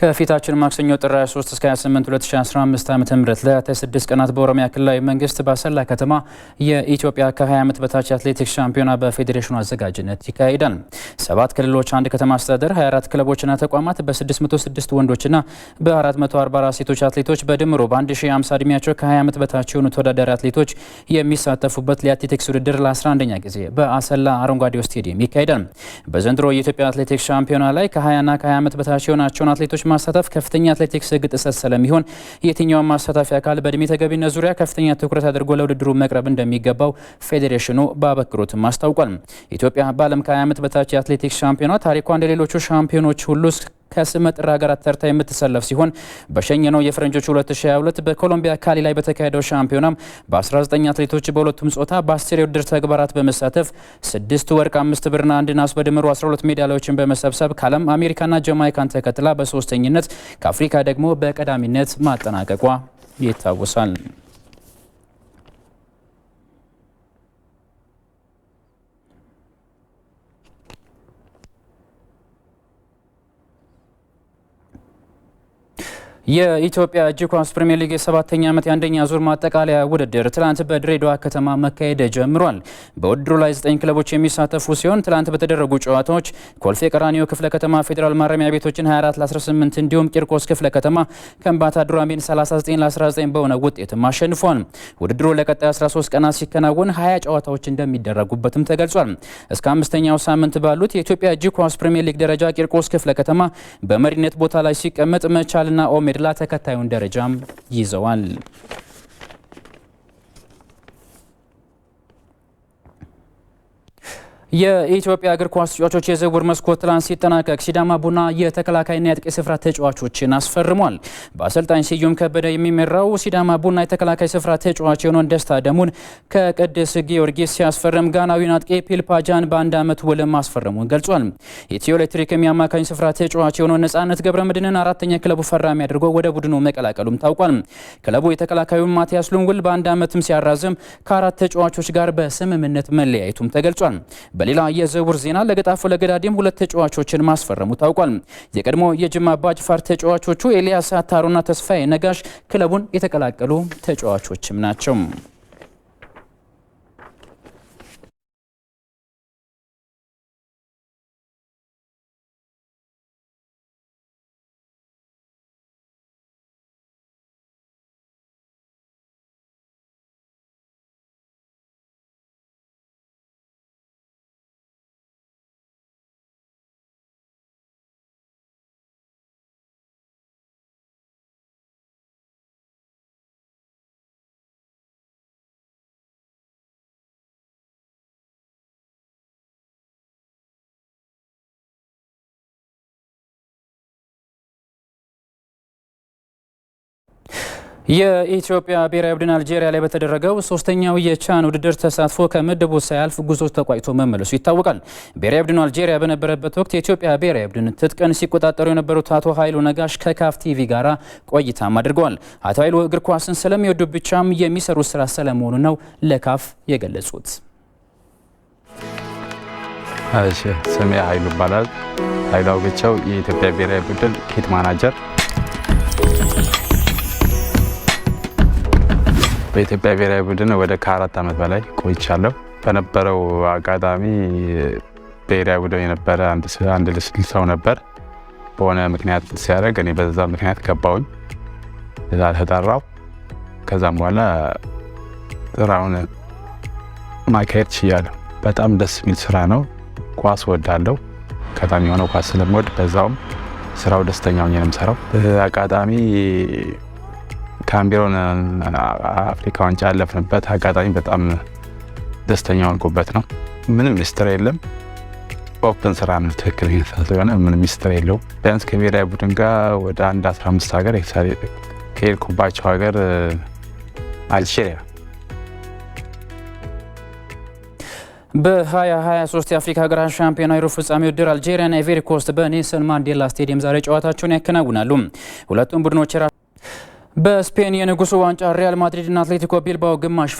ከፊታችን ማክሰኞ ጥር 23 እስከ 28 2015 ዓ ም ለ6 ቀናት በኦሮሚያ ክልላዊ መንግስት በአሰላ ከተማ የኢትዮጵያ ከ20 ዓመት በታች የአትሌቲክስ ሻምፒዮና በፌዴሬሽኑ አዘጋጅነት ይካሄዳል። ሰባት ክልሎች፣ አንድ ከተማ አስተዳደር፣ 24 ክለቦችና ተቋማት በ606 ወንዶችና በ444 ሴቶች አትሌቶች በድምሮ በ1050 እድሜያቸው ከ20 ዓመት በታች የሆኑ ተወዳዳሪ አትሌቶች የሚሳተፉበት የአትሌቲክስ ውድድር ለ11ኛ ጊዜ በአሰላ አረንጓዴው ስቴዲየም ይካሄዳል። በዘንድሮ የኢትዮጵያ አትሌቲክስ ሻምፒዮና ላይ ከ20ና ከ20 ዓመት በታች የሆናቸውን አትሌቶች ማሳተፍ ከፍተኛ አትሌቲክስ ሕግ ጥሰት ስለሚሆን የትኛውም ማሳታፊ አካል በእድሜ ተገቢነት ዙሪያ ከፍተኛ ትኩረት አድርጎ ለውድድሩ መቅረብ እንደሚገባው ፌዴሬሽኑ በአበክሮትም አስታውቋል። ኢትዮጵያ በዓለም ከ20 ዓመት በታች የአትሌቲክስ ሻምፒዮኗ ታሪኳ እንደሌሎቹ ሻምፒዮኖች ሁሉ ከስመጥር ሀገራት ተርታ የምትሰለፍ ሲሆን በሸኘነው የፈረንጆች 2022 በኮሎምቢያ ካሊ ላይ በተካሄደው ሻምፒዮናም በ19 አትሌቶች በሁለቱም ጾታ በአስር የውድድር ተግባራት በመሳተፍ ስድስት ወርቅ፣ አምስት ብርና አንድ ናስ በድምሩ 12 ሜዳሊያዎችን በመሰብሰብ ከዓለም አሜሪካና ጀማይካን ተከትላ በሶስተኝነት ከአፍሪካ ደግሞ በቀዳሚነት ማጠናቀቋ ይታወሳል። የኢትዮጵያ እጅ ኳስ ፕሪሚየር ሊግ የሰባተኛ ዓመት የአንደኛ ዙር ማጠቃለያ ውድድር ትላንት በድሬዳዋ ከተማ መካሄድ ጀምሯል። በውድድሩ ላይ ዘጠኝ ክለቦች የሚሳተፉ ሲሆን ትላንት በተደረጉ ጨዋታዎች ኮልፌ ቀራኒዮ ክፍለ ከተማ ፌዴራል ማረሚያ ቤቶችን 24 ለ18 እንዲሁም ቂርቆስ ክፍለ ከተማ ከምባታ ዱራሜን 39 ለ19 በሆነ ውጤትም አሸንፏል። ውድድሩ ለቀጣይ 13 ቀናት ሲከናወን 20 ጨዋታዎች እንደሚደረጉበትም ተገልጿል። እስከ አምስተኛው ሳምንት ባሉት የኢትዮጵያ እጅ ኳስ ፕሪሚየር ሊግ ደረጃ ቂርቆስ ክፍለ ከተማ በመሪነት ቦታ ላይ ሲቀመጥ መቻልና ኦሜድ ተድላ ተከታዩን ደረጃም ይዘዋል። የኢትዮጵያ እግር ኳስ ተጫዋቾች የዝውውር መስኮት ትላንት ሲጠናቀቅ ሲዳማ ቡና የተከላካይና የአጥቂ ስፍራ ተጫዋቾችን አስፈርሟል። በአሰልጣኝ ስዩም ከበደ የሚመራው ሲዳማ ቡና የተከላካይ ስፍራ ተጫዋች የሆነውን ደስታ ደሙን ከቅዱስ ጊዮርጊስ ሲያስፈርም ጋናዊን አጥቂ ፒልፓጃን በአንድ ዓመት ውል ማስፈረሙን ገልጿል። ኢትዮ ኤሌክትሪክ የሚያማካኝ ስፍራ ተጫዋች የሆነውን ነጻነት ገብረ መድህንን አራተኛ ክለቡ ፈራሚ አድርጎ ወደ ቡድኑ መቀላቀሉም ታውቋል። ክለቡ የተከላካዩን ማቲያስ ሉን ውል በአንድ ዓመትም ሲያራዝም ከአራት ተጫዋቾች ጋር በስምምነት መለያየቱም ተገልጿል። በሌላ የዝውውር ዜና ለገጣፎ ለገዳዲም ሁለት ተጫዋቾችን ማስፈረሙ ታውቋል። የቀድሞ የጅማ አባጅፋር ተጫዋቾቹ ኤልያስ አታሮና ተስፋዬ ነጋሽ ክለቡን የተቀላቀሉ ተጫዋቾችም ናቸው። የኢትዮጵያ ብሔራዊ ቡድን አልጄሪያ ላይ በተደረገው ሶስተኛው የቻን ውድድር ተሳትፎ ከምድቡ ሳያልፍ ጉዞ ተቋጭቶ መመለሱ ይታወቃል። ብሔራዊ ቡድኑ አልጄሪያ በነበረበት ወቅት የኢትዮጵያ ብሔራዊ ቡድን ትጥቅን ሲቆጣጠሩ የነበሩት አቶ ኃይሉ ነጋሽ ከካፍ ቲቪ ጋር ቆይታም አድርገዋል። አቶ ኃይሉ እግር ኳስን ስለሚወዱ ብቻም የሚሰሩት ስራ ስለመሆኑ ነው ለካፍ የገለጹት። ስሜ ኃይሉ ይባላል። ኃይሉ አውግቸው የኢትዮጵያ ብሔራዊ ቡድን ኪት ማናጀር በኢትዮጵያ ብሔራዊ ቡድን ወደ ከአራት ዓመት በላይ ቆይቻለሁ። በነበረው አጋጣሚ ብሔራዊ ቡድን የነበረ አንድ ሰው ነበር በሆነ ምክንያት ሲያደርግ እኔ በዛ ምክንያት ገባውኝ እዛ ከዛም በኋላ ስራውን ማካሄድ ችያለሁ። በጣም ደስ የሚል ስራ ነው። ኳስ ወዳለው በጣም የሆነው ኳስ ስለምወድ በዛውም ስራው ደስተኛ ሆኜ ነው የምሰራው። አጋጣሚ ካምቢሮን አፍሪካ ዋንጫ ያለፍንበት አጋጣሚ በጣም ደስተኛ ሆንኩበት ነው። ምንም ሚስትር የለም። ኦፕን ስራ ነው። ትክክል ስለሆነ ምንም ሚስትር የለው። ቢያንስ ከብሔራዊ ቡድን ጋር ወደ አንድ 15 ሀገር ከሄድኩባቸው ሀገር አልጄሪያ በ2023 የአፍሪካ ሀገራት ሻምፒዮና ሩብ ፍጻሜ ውድድር አልጄሪያና ኢቬሪኮስት በኔልሰን ማንዴላ ስቴዲየም ዛሬ ጨዋታቸውን ያከናውናሉ። ሁለቱም ቡድኖች በስፔን የንጉሱ ዋንጫ ሪያል ማድሪድ እና አትሌቲኮ ቢልባኦ ግማሽ